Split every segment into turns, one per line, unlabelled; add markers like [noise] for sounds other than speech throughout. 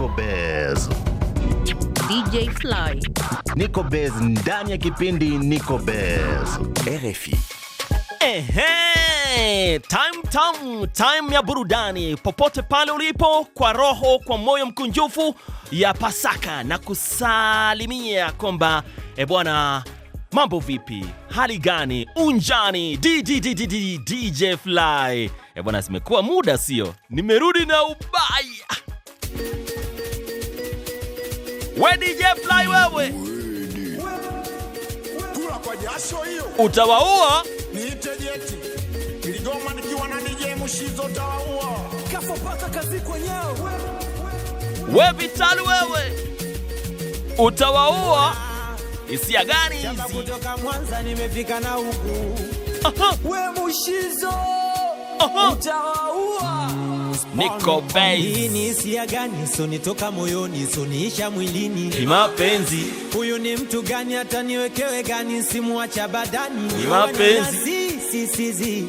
Nico Bez.
DJ Fly.
Nico Bez ndani ya kipindi Nico Bez. RFI.
hey, time tam, time ya burudani popote pale ulipo, kwa roho, kwa moyo mkunjufu ya Pasaka na kusalimia kwamba e bwana, mambo vipi, hali gani, unjani DJ Fly. E bwana, zimekuwa muda sio, nimerudi na ubaya We DJ Fly wewe,
kula kwa jasho hiyo,
utawaua
niite jeti Kiligoma nikiwa na DJ Mushizo, utawaua
kafo paka kazi kwenyewe.
We Vitali wewe, utawaua hisia gani hizi?
Kutoka Mwanza nimefika na huku,
we
Mushizo utawaua
niko hii
ni hisia gani? Sunitoka moyoni, soniisha mwilini,
ni mapenzi.
Huyu ni mtu gani? hata niwekewe gani? simuacha badani,
ni mapenzi
sisizi,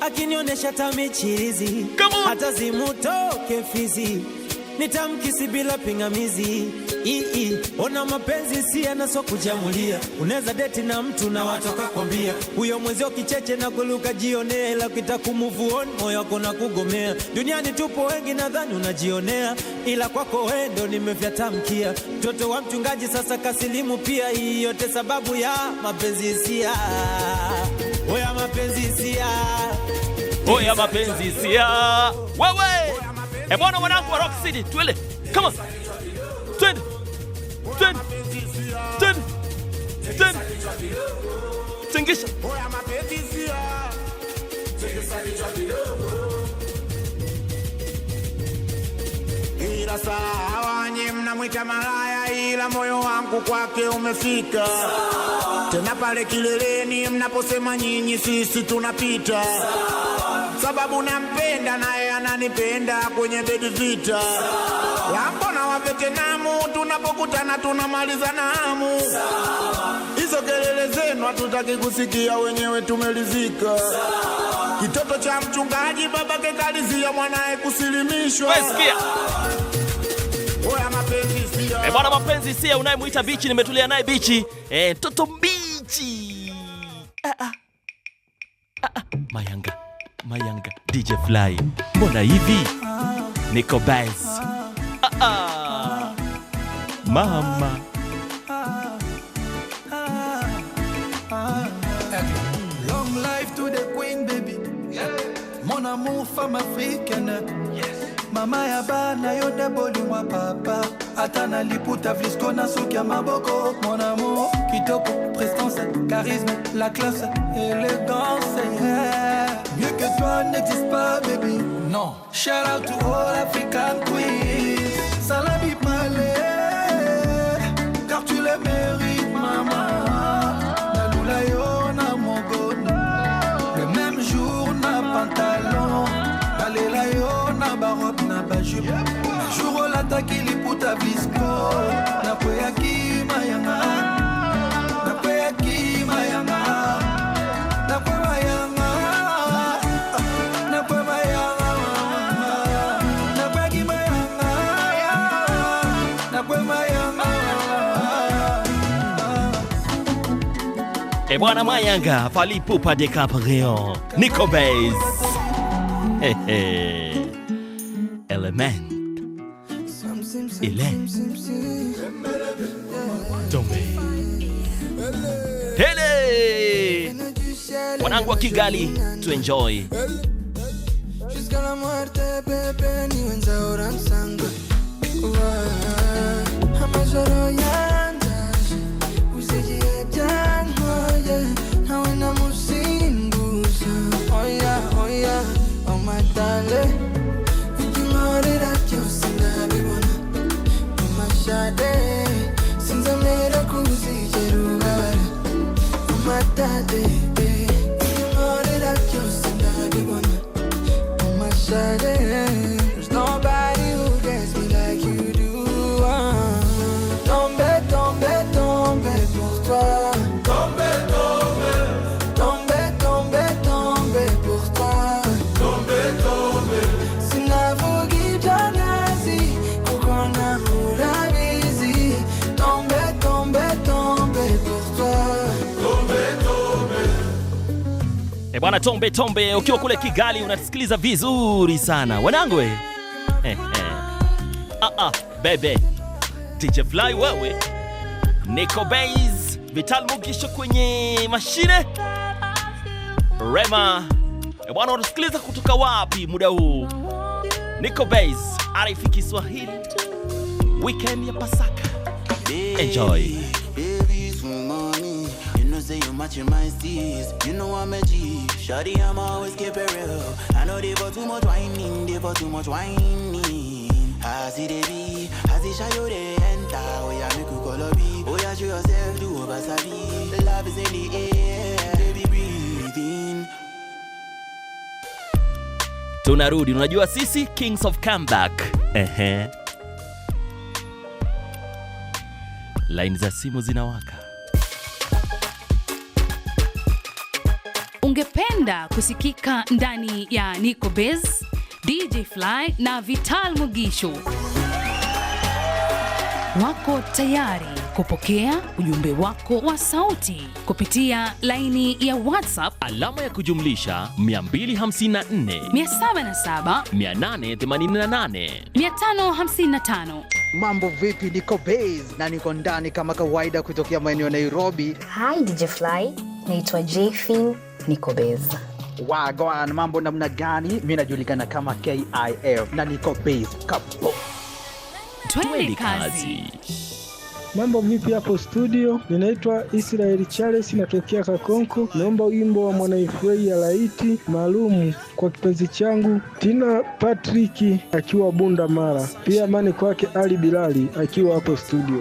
akinionyesha tamichirizi hata zimutoke fizi nitamkisi bila pingamizi. Ii, ona mapenzi si yanaso kujamulia, unaweza deti na mtu na watoka kwambia huyo mwezio kicheche na kuluka jionea, ila kita kumuvuoni moyo wako na kugomea. Duniani tupo wengi, nadhani unajionea, ila kwako wendo nimevyatamkia. Mtoto wa mchungaji sasa kasilimu pia, hii yote sababu ya mapenzi hisia. Oya mapenzi hisia,
oya mapenzi hisia, wewe E mwanangu wa Rock City, Come on. Twende. Twende. Twende. Twende. Tingisha.
Ila sawa mnamwita malaya, ila moyo wangu kwake umefika. Tena pale kileleni mnaposema nyinyi, sisi tunapita, sababu nampenda naye ananipenda kwenye Baby Vita. Yapo na wavetnamu, tunapokutana tunamaliza namu Hizo kelele zenu hatutaki kusikia, wenyewe tumelizika. Kitoto cha mchungaji babake kalizia mwanaye kusilimishwa.
E, bwana mapenzi sia unayemwita bichi, nimetulia naye bichi mtoto eh, e, bichi ah, ah. Ah, ah. Mayanga Mayanga DJ Fly, Mona hivi Nico ah, ah. mama
Long life to the queen baby Mon amour femme africaine mama ya bana yo nde papa Atana liputa vlisco na soukia maboko mon amour kitoko prestance charisme la classe élégance Shout out to all African queens. Salabi palé car tu le mérites, maman. La Naloulayo na mogono. Le même jour na pantalon. Alelayo na baroque na bajup. Jour la pour ta biscotte, Na poya
E bwana Mayanga Falipupa de caprion Nico Bays hey, Element Tombe Tele wanangu wa Kigali tuenjoy
jusqu'à la muerte bebe ni wenzao ramsanga wow. віддати.
E bwana, tombe tombe, ukiwa kule Kigali unasikiliza vizuri sana wanangu eh, eh, eh. Ah, ah, bebe DJ Fly wewe, Nico Bays, Vital Mugisho kwenye mashine Rema. E bwana, unasikiliza kutoka wapi muda huu? Nico Bays, RFI Kiswahili, weekend ya Pasaka, enjoy
say you matching my steez. You know I'm a G. Shawty, I'm always keep it real. I know they for too much whining, they for too much whining. I see they be, I see Shayo they enter. Oh yeah, make you call a be. Oh yeah, show yourself, do over sabi. Love is in the air, baby breathing.
Tunarudi, unajua sisi Kings of Comeback. Ehe. Line za simu zinawaka.
ungependa kusikika ndani ya Nico Bez, DJ Fly na Vital Mugisho wako tayari kupokea ujumbe wako wa sauti kupitia laini ya WhatsApp
alama ya kujumlisha 254 Mambo vipi, niko base na niko ndani kama kawaida kutokea maeneo ya Nairobi.
Hi DJ Fly, naitwa Jfin niko base.
Wagwan, mambo namna gani? Mi najulikana kama KIF na niko base kapo. kazi.
Mambo vipi hapo studio? Ninaitwa Israel Charles, natokea Kakonko. Naomba wimbo wa Mwanaifurei ya laiti maalumu kwa kipenzi changu Tina patriki akiwa Bunda Mara, pia amani kwake Ali Bilali akiwa hapo studio.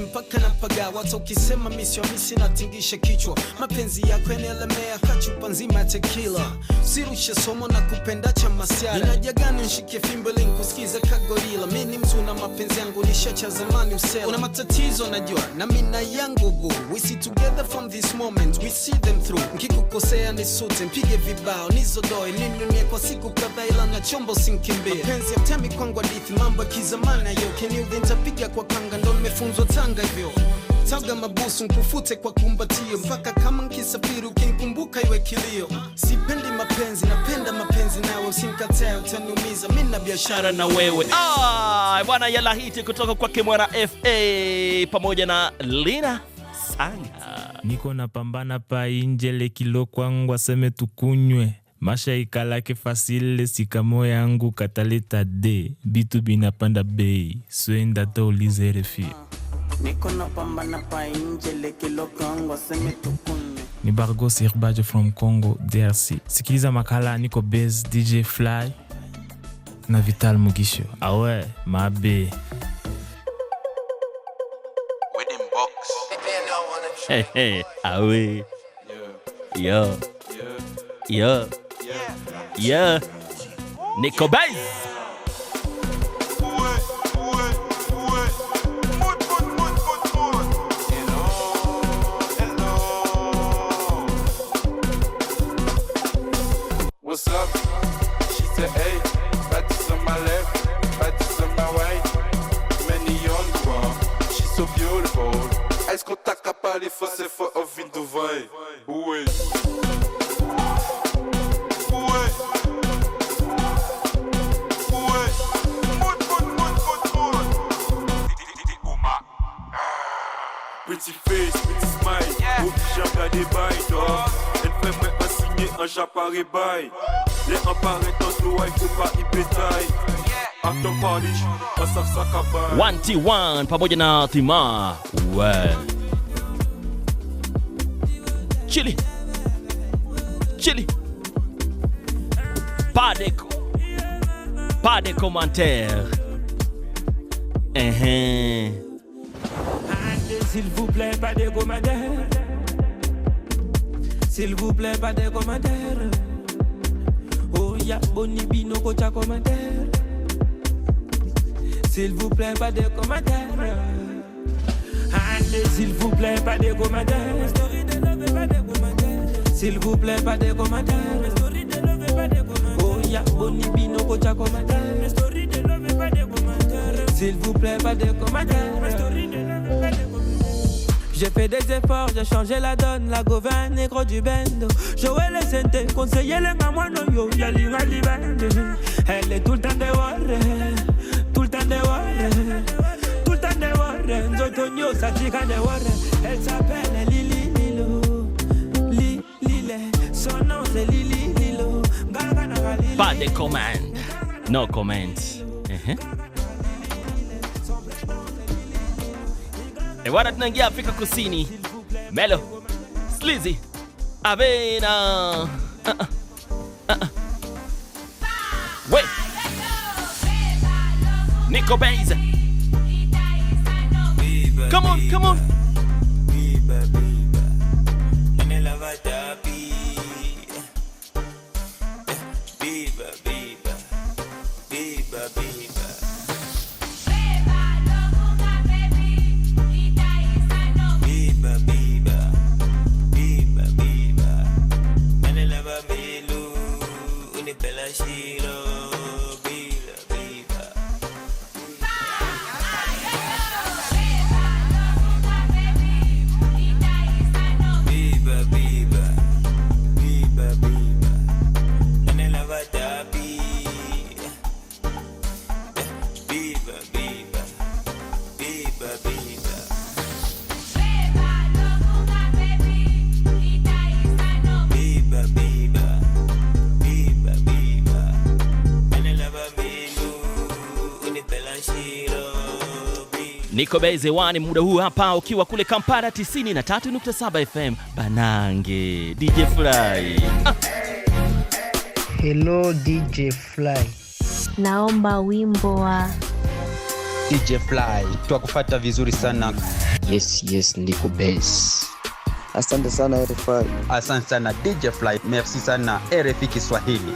naishi mpaka napagawa hata ukisema misiwamisi natingisha kichwa mapenzi yako enelemea kachupa nzima ya tekila sirushe somo na kupenda cha masiara inaja gani nshike fimbo ili kagorila mi ni mtu na mapenzi yangu nisha cha zamani usela una matatizo najua na mina yangu bu we see together from this moment we see them through nkikukosea sute mpige vibao nizodoe ninunie kwa siku kadhaa ila na chombo sinkimbie mapenzi yatami kwangwa dithi mambo ya kizamani ayoke niudhi ntapiga kwa kanga ndo nimefunzwa tanga hivyo taga mabusu nkufute kwa kumbatio, mpaka kama nkisafiri ukinkumbuka iwe kilio. Sipendi mapenzi, napenda mapenzi nawe, usinkatae utaniumiza, mimi
na biashara na wewe. Ah, bwana yala hiti kutoka kwa Kimwana FA pamoja na Lina Sanga.
Niko napambana pa inje lekilo kwangu aseme tukunywe Masha ikalake fasile sikamo yangu kataleta de bitu binapanda bei swenda ta ulize refio
niko napambana pa nje tukune
ni Bargos Irbajo from Congo DRC. Sikiliza makala niko base DJ Fly na Vital Mugisho. Awe mabe
awe yo yo, yo. Niko base
1 Les emparés pas
T1 pamoja na Tima. Chili. Chili. Pas de, pas de commentaires. Eh, eh.
S'il vous plaît, pas de commentaires. S'il vous plaît, pas de commentaires. Oh ya, boni bonibino, kocha commentaire. S'il vous plaît, pas de commentaires. Allez, s'il vous plaît, pas de commentaires. S'il vous plaît, pas de
commentaires.
Oh ya, yeah, bonibino, kocha commentaire. S'il vous plaît, pas de
commentaires.
J'ai fait des efforts, j'ai changé la donne, la gouverne négro du bendo. Joël le Sente, conseiller les non, yo, y'a l'ingali bendo. Elle est tout le temps dehors, tout le temps dehors, tout le temps dehors. Elle s'appelle Lili Lilo, Lili, son nom c'est Lili Lilo.
Pas de commandes, no comments. Uh-huh. Ewana, eh, tunaingia Afrika Kusini. Melo Slizi Avena uh ah, -uh. Ah, uh ah, -uh. We Nico Bays. Come on, come on.
Te la giro
Kobeze wani muda huu hapa, ukiwa kule Kampala 93.7 FM Banange DJ Fly ah.
[laughs] Hello DJ Fly,
naomba wimbo wa
DJ Fly. Twakufata vizuri sana. Yes, yes, ndiko base.
Asante sana RFI.
Asante sana DJ Fly. Merci sana RFI Kiswahili.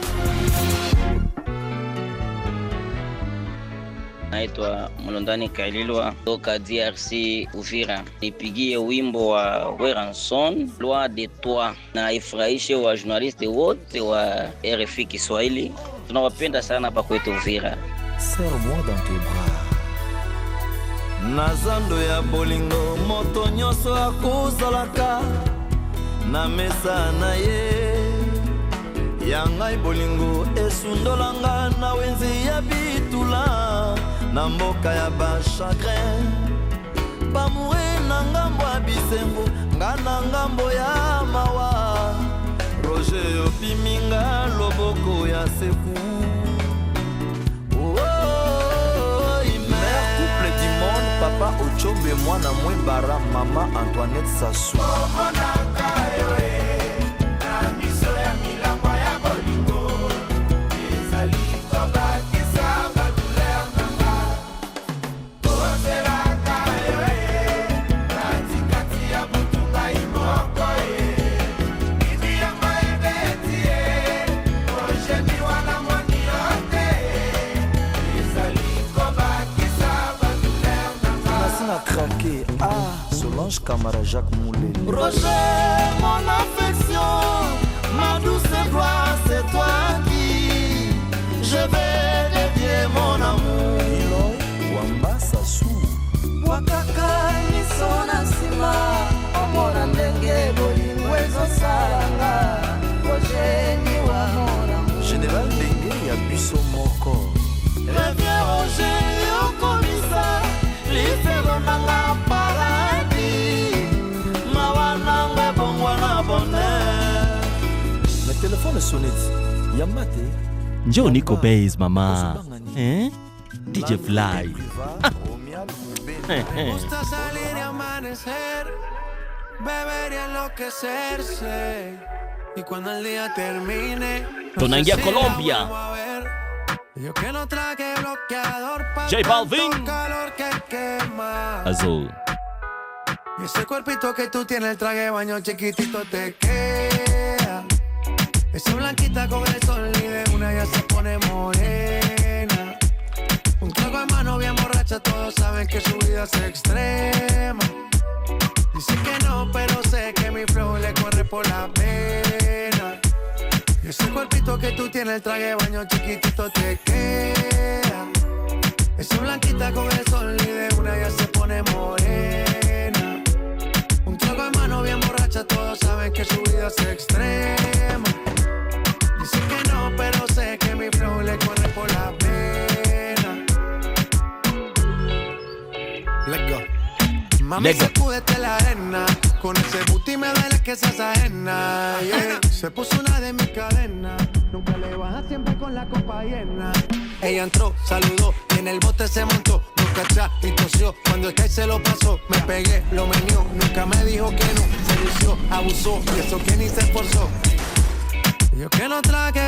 naitwa Mlondani Kaililwa toka DRC Uvira. Nipigie wimbo wa Weranson Loi de Toi na ifurahishe wa journaliste wote wa RFI Kiswahili, tunawapenda sana hapa kwetu Uvira.
Serre-moi dans tes bras
na zando ya bolingo moto nyonso akozalaka na mesa na ye ya ngai bolingo esundolanga na wenze ya bitula na mboka ya bachagrin bamoure na ngambo ya bisengo nga na ngambo ya mawa roger opiminga loboko ya sekou papa ochombe mwana mwebara mama antoinette sasu
oh,
Camara, Jacques Moulin.
Roger, mon affection, ma douce gloire, c'est toi qui je vais.
Yo Nico base mamá eh? DJ Fly [laughs]
Me gusta salir y amanecer, beber y enloquecerse. Y cuando el día termine,
Tonanguia, Colombia.
Yo que no traje bloqueador
para J
calor que quema.
Azul.
ese cuerpito que tú tienes, el traje baño chiquitito te queda. Esa blanquita con el sol y de una ya se pone morena. Un trago en mano bien borracha, todos saben que su vida es extrema. Dicen que no, pero sé que mi flow le corre por la pena. Y ese cuerpito que tú tienes, el traje baño chiquitito te queda. Esa blanquita con el sol y de una ya se pone morena. Un trago de mano bien borracha, todos saben que su vida es extrema que no, pero sé que mi flow le corre por la pena. Let's go. Mami, la arena. Con ese booty me la que se ajena. Se puso una de mis cadenas. Nunca le baja siempre con la copa llena. Ella entró, saludó en el bote se montó. Nunca y tosió. Cuando el que se lo pasó, me pegué, lo menió. Nunca me dijo que no. Se lució, abusó y eso que ni se esforzó Yo que no trague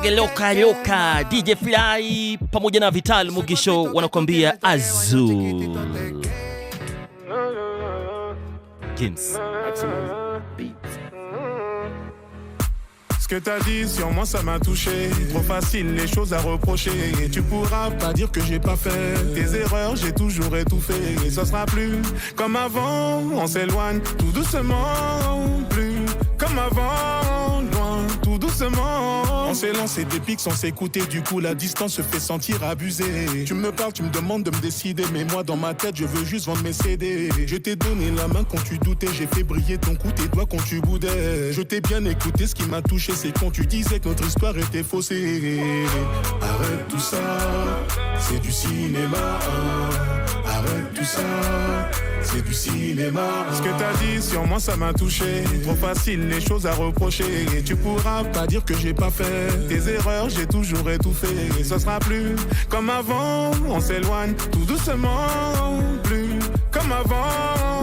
quiero loca DJ Fly Vital
que t'as dit sur moi ça m'a touché Trop facile les choses à reprocher Et tu pourras pas dire que j'ai pas fait Tes erreurs j'ai toujours étouffé Et ça sera plus comme avant On s'éloigne tout doucement Plus loin, tout doucement. On s'est lancé des pics sans s'écouter, du coup la distance se fait sentir abusée. Tu me parles, tu me demandes de me décider, mais moi dans ma tête, je veux juste vendre mes CD. Je t'ai donné la main quand tu doutais, j'ai fait briller ton cou, tes doigts quand tu boudais. Je t'ai bien écouté, ce qui m'a touché, c'est quand tu disais que notre histoire était faussée. Arrête tout ça, c'est du cinéma. Arrête tout ça, c'est du cinéma. Ce que t'as dit sur moi, ça m'a touché. Trop facile, les choses à reprocher. Et tu pourras pas dire que j'ai pas fait. Tes erreurs, j'ai toujours étouffé. Et ce sera plus comme avant. On s'éloigne tout doucement. Plus comme avant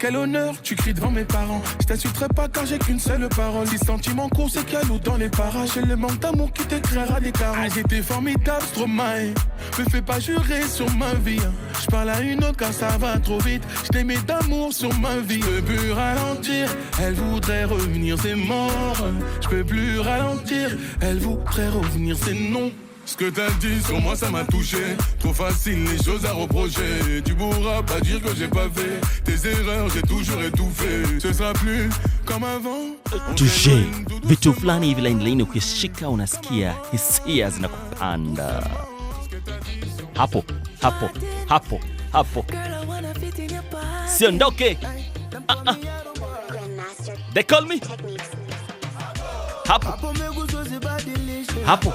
quel honneur, tu cries devant mes parents. Je t'insulterai pas car j'ai qu'une seule parole. Les sentiments courts, c'est qu'il dans les parages. Et le manque d'amour qui t'écrira des carreaux. j'étais formidable, Stromae. Me fais pas jurer sur ma vie. Hein. Je parle à une autre car ça va trop vite. Je t'aimais d'amour sur ma vie. Je peux plus ralentir, elle voudrait revenir, c'est mort. Je peux plus ralentir, elle voudrait revenir, c'est non. Ce que t'as dit sur moi ça m'a touché Trop facile les choses à reprocher Tu pourras pas dire que j'ai pas fait Tes erreurs j'ai toujours étouffé Ce sera plus comme avant
Tuje vitu fulani hivi laini laini ukishika unasikia hisia zinakupanda hapo hapo hapo hapo siondoke ah, ah. They call me hapo hapo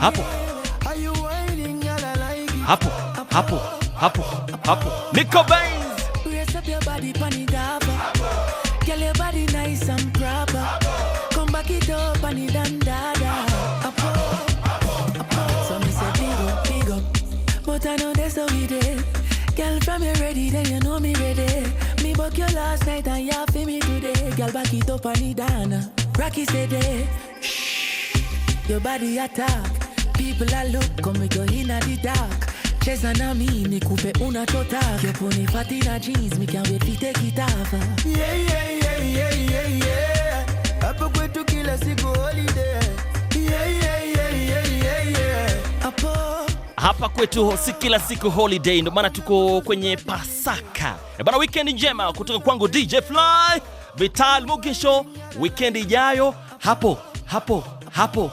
hapo hapo hapo hapo hapo niko Benz
I know it Your body attack, people are look, come go in the dark. Cheza na mi ni kupe unachotaka yopo ni na jeans mi can't wait to take
yeah, yeah, yeah, yeah, yeah, yeah. apo kwetu kila siku holiday yeah, yeah, yeah, yeah, yeah, yeah. Hapo
hapa kwetu si kila siku holiday, ndio maana tuko kwenye Pasaka eh, bana. Weekend njema kutoka kwangu DJ Fly Vital Mugisho. Weekend ijayo hapo hapo hapo